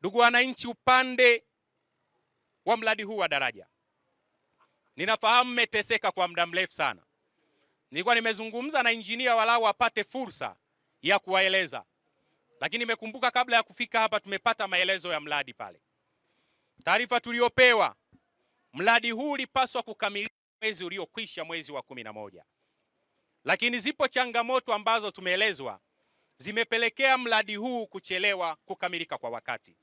Ndugu wananchi, upande wa mradi huu wa daraja, ninafahamu mmeteseka kwa muda mrefu sana. Nilikuwa nimezungumza na injinia walau apate fursa ya kuwaeleza, lakini nimekumbuka kabla ya kufika hapa tumepata maelezo ya mradi pale. Taarifa tuliyopewa, mradi huu ulipaswa kukamilika mwezi uliokwisha, mwezi wa kumi na moja, lakini zipo changamoto ambazo tumeelezwa zimepelekea mradi huu kuchelewa kukamilika kwa wakati.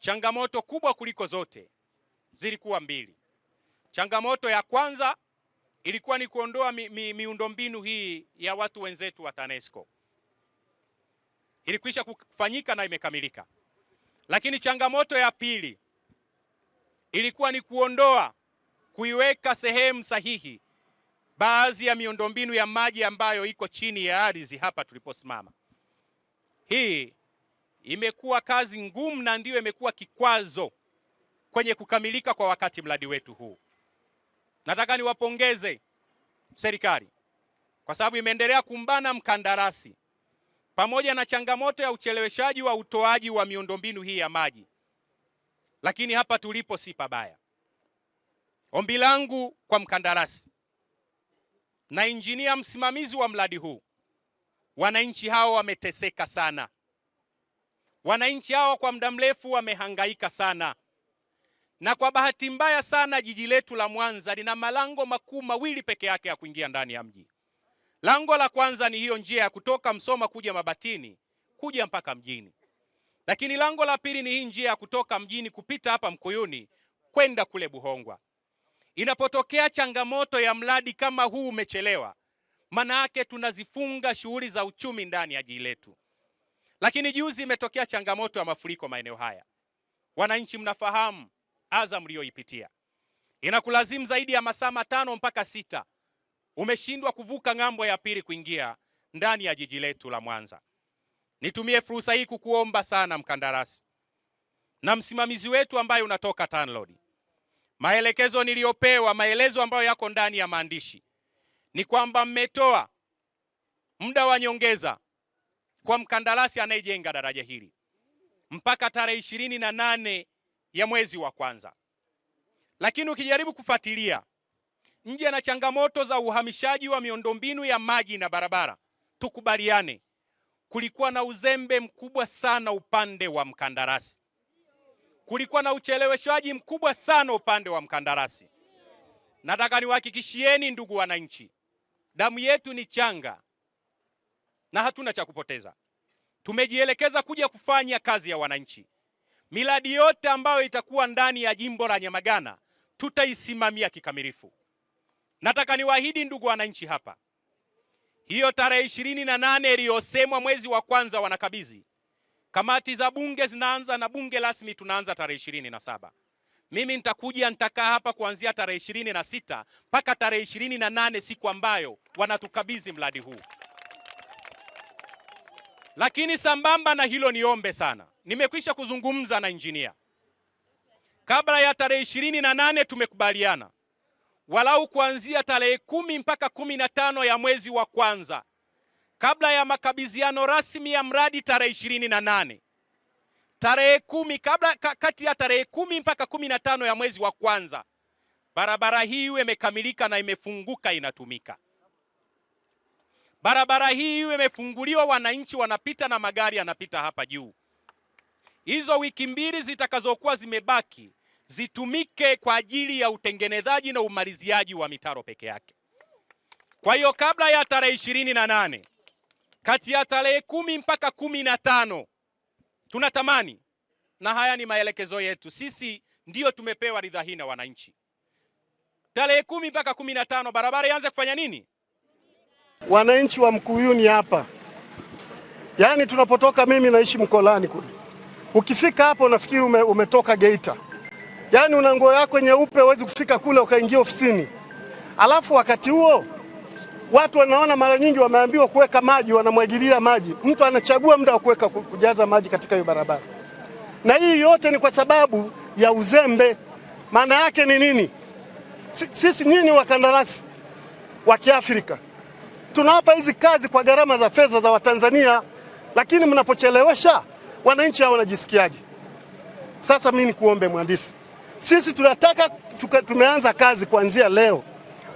Changamoto kubwa kuliko zote zilikuwa mbili. Changamoto ya kwanza ilikuwa ni kuondoa mi, mi, miundombinu hii ya watu wenzetu wa TANESCO. Ilikwisha kufanyika na imekamilika, lakini changamoto ya pili ilikuwa ni kuondoa, kuiweka sehemu sahihi baadhi ya miundombinu ya maji ambayo iko chini ya ardhi hapa tuliposimama. Hii imekuwa kazi ngumu na ndiyo imekuwa kikwazo kwenye kukamilika kwa wakati mradi wetu huu. Nataka niwapongeze serikali kwa sababu imeendelea kumbana mkandarasi pamoja na changamoto ya ucheleweshaji wa utoaji wa miundombinu hii ya maji, lakini hapa tulipo si pabaya. Ombi langu kwa mkandarasi na injinia msimamizi wa mradi huu, wananchi hao wameteseka sana. Wananchi hawa kwa muda mrefu wamehangaika sana, na kwa bahati mbaya sana jiji letu la Mwanza lina malango makuu mawili peke yake ya kuingia ndani ya mji. Lango la kwanza ni hiyo njia ya kutoka Msoma kuja Mabatini kuja mpaka mjini, lakini lango la pili ni hii njia ya kutoka mjini kupita hapa Mkuyuni kwenda kule Buhongwa. Inapotokea changamoto ya mradi kama huu umechelewa, maana yake tunazifunga shughuli za uchumi ndani ya jiji letu. Lakini juzi imetokea changamoto ya mafuriko maeneo haya. Wananchi mnafahamu adha mliyoipitia, inakulazimu zaidi ya masaa matano mpaka sita umeshindwa kuvuka ng'ambo ya pili kuingia ndani ya jiji letu la Mwanza. Nitumie fursa hii kukuomba sana mkandarasi na msimamizi wetu ambaye unatoka TANROADS, maelekezo niliyopewa, maelezo ambayo yako ndani ya maandishi ni kwamba mmetoa muda wa nyongeza kwa mkandarasi anayejenga daraja hili mpaka tarehe ishirini na nane ya mwezi wa kwanza. Lakini ukijaribu kufuatilia nje na changamoto za uhamishaji wa miundombinu ya maji na barabara, tukubaliane, kulikuwa na uzembe mkubwa sana upande wa mkandarasi, kulikuwa na ucheleweshaji mkubwa sana upande wa mkandarasi. Nataka niwahakikishieni ndugu wananchi, damu yetu ni changa, na hatuna cha kupoteza. Tumejielekeza kuja kufanya kazi ya wananchi. Miradi yote ambayo itakuwa ndani ya jimbo la Nyamagana tutaisimamia kikamilifu. Nataka niwaahidi ndugu wananchi hapa, hiyo tarehe ishirini na nane iliyosemwa mwezi wa kwanza wanakabidhi, kamati za bunge zinaanza na bunge rasmi tunaanza tarehe ishirini na saba. Mimi nitakuja nitakaa hapa kuanzia tarehe ishirini na sita mpaka tarehe ishirini na nane siku ambayo wanatukabidhi mradi huu. Lakini sambamba na hilo, niombe sana, nimekwisha kuzungumza na injinia kabla ya tarehe ishirini na nane tumekubaliana walau kuanzia tarehe kumi mpaka kumi na tano ya mwezi wa kwanza kabla ya makabidhiano rasmi ya mradi tarehe ishirini na nane tarehe kumi kabla kati ya tarehe kumi mpaka kumi na tano ya mwezi wa kwanza barabara hii iwe imekamilika na imefunguka inatumika barabara hii iwe imefunguliwa, wananchi wanapita na magari yanapita hapa juu. Hizo wiki mbili zitakazokuwa zimebaki zitumike kwa ajili ya utengenezaji na umaliziaji wa mitaro peke yake. Kwa hiyo kabla ya tarehe ishirini na nane kati ya tarehe kumi mpaka kumi na tano tunatamani, na haya ni maelekezo yetu sisi, ndiyo tumepewa ridha hii na wananchi, tarehe kumi mpaka kumi na tano barabara ianze kufanya nini? Wananchi wa Mkuyuni hapa, yaani tunapotoka, mimi naishi Mkolani kule, ukifika hapo unafikiri ume, umetoka Geita, yaani una nguo yako nyeupe, huwezi kufika kule ukaingia ofisini. Alafu wakati huo watu wanaona, mara nyingi wameambiwa kuweka maji, wanamwagilia maji, mtu anachagua muda wa kuweka kujaza maji katika hiyo barabara, na hii yote ni kwa sababu ya uzembe. Maana yake ni nini? Sisi nyinyi wakandarasi wa Kiafrika tunawapa hizi kazi kwa gharama za fedha za Watanzania, lakini mnapochelewesha wananchi hao wanajisikiaje? Sasa mimi nikuombe mhandisi, sisi tunataka tuka, tumeanza kazi kuanzia leo.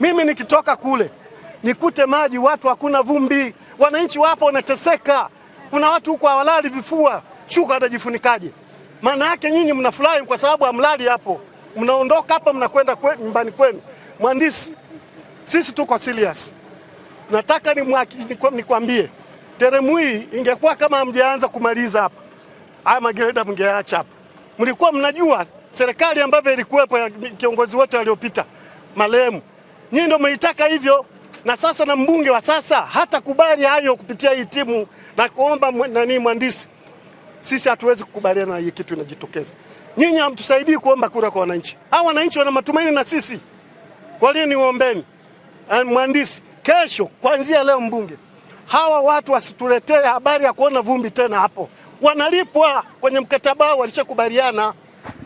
Mimi nikitoka kule nikute maji, watu hakuna vumbi, wananchi wapo wanateseka, kuna watu huko hawalali vifua, shuka atajifunikaje? Maana yake nyinyi mnafurahi kwa sababu hamlali hapo, mnaondoka hapa mnakwenda nyumbani kwenu. Mhandisi, sisi tuko serious nataka nikwambie, teremu hii ingekuwa kama mjaanza kumaliza hapa, haya magereda mngeacha hapa. Mlikuwa mnajua serikali ambavyo ilikuwepo ya kiongozi wote waliopita marehemu, nyinyi ndio mlitaka hivyo, na sasa na mbunge wa sasa hata kubali hayo kupitia hii timu na kuomba nani, mhandisi, sisi hatuwezi kukubaliana na hii kitu inajitokeza. Nyinyi hamtusaidii kuomba kura kwa wananchi. Hawa wananchi wana matumaini na sisi, kwa hiyo niombeni mhandisi kesho, kuanzia leo, mbunge, hawa watu wasituletee habari ya kuona vumbi tena hapo. Wanalipwa kwenye mkataba wao, walishakubaliana.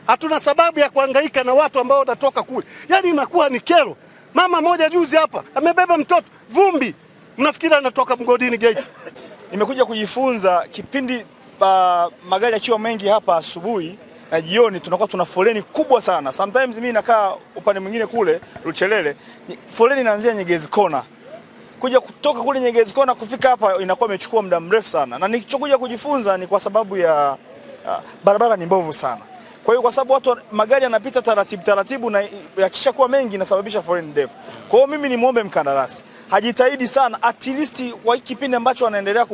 Hatuna sababu ya kuhangaika na watu ambao wanatoka kule, yaani inakuwa ni kero. Mama moja juzi hapa amebeba mtoto vumbi, mnafikiri anatoka mgodini gate. Nimekuja kujifunza kipindi ba, magari yakiwa mengi hapa asubuhi na jioni tunakuwa tuna foleni kubwa sana. Sometimes mimi nakaa upande mwingine kule Luchelele, foleni inaanzia Nyegezi Kona kuja kutoka kule Nyegezi Kona kufika hapa inakuwa imechukua muda mrefu sana, na nilichokuja kujifunza ni kwa sababu ya uh, barabara ni mbovu sana. Kwa hiyo kwa sababu watu magari yanapita taratibu taratibu, na yakishakuwa mengi inasababisha foreign ndefu. Kwa hiyo mimi nimwombe mkandarasi hajitahidi sana, at least kwa kipindi ambacho anaendelea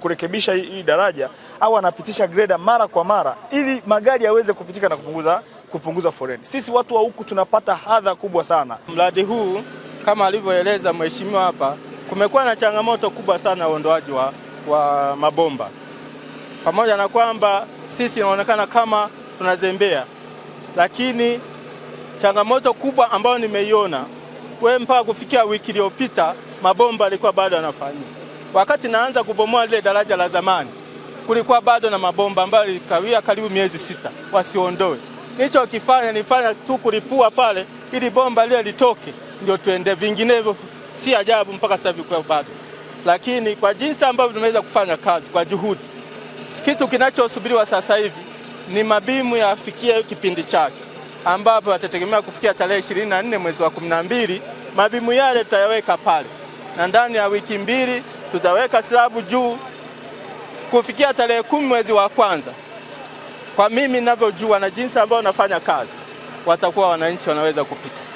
kurekebisha hii daraja au anapitisha greda mara kwa mara, ili magari yaweze kupitika na kupunguza, kupunguza foreni. Sisi watu wa huku tunapata hadha kubwa sana. Mradi huu kama alivyoeleza mheshimiwa hapa, kumekuwa na changamoto kubwa sana ya uondoaji wa, wa mabomba, pamoja na kwamba sisi inaonekana kama tunazembea, lakini changamoto kubwa ambayo nimeiona we, mpaka kufikia wiki iliyopita mabomba yalikuwa bado yanafanyika. Wakati naanza kubomoa lile daraja la zamani, kulikuwa bado na mabomba ambayo likawia karibu miezi sita wasiondoe. Nicho kifanya nifanya tu kulipua pale ili bomba lile litoke ndio tuende, vinginevyo si ajabu mpaka sasa hivi kwa bado. Lakini kwa jinsi ambavyo tumeweza kufanya kazi kwa juhudi, kitu kinachosubiriwa sasa hivi ni mabimu yafikie kipindi chake, ambapo yatategemea kufikia tarehe ishirini na nne mwezi wa kumi na mbili. Mabimu yale tutayaweka pale, na ndani ya wiki mbili tutaweka silabu juu kufikia tarehe kumi mwezi wa kwanza, kwa mimi ninavyojua na jinsi ambavyo nafanya kazi watakuwa wananchi wanaweza kupita.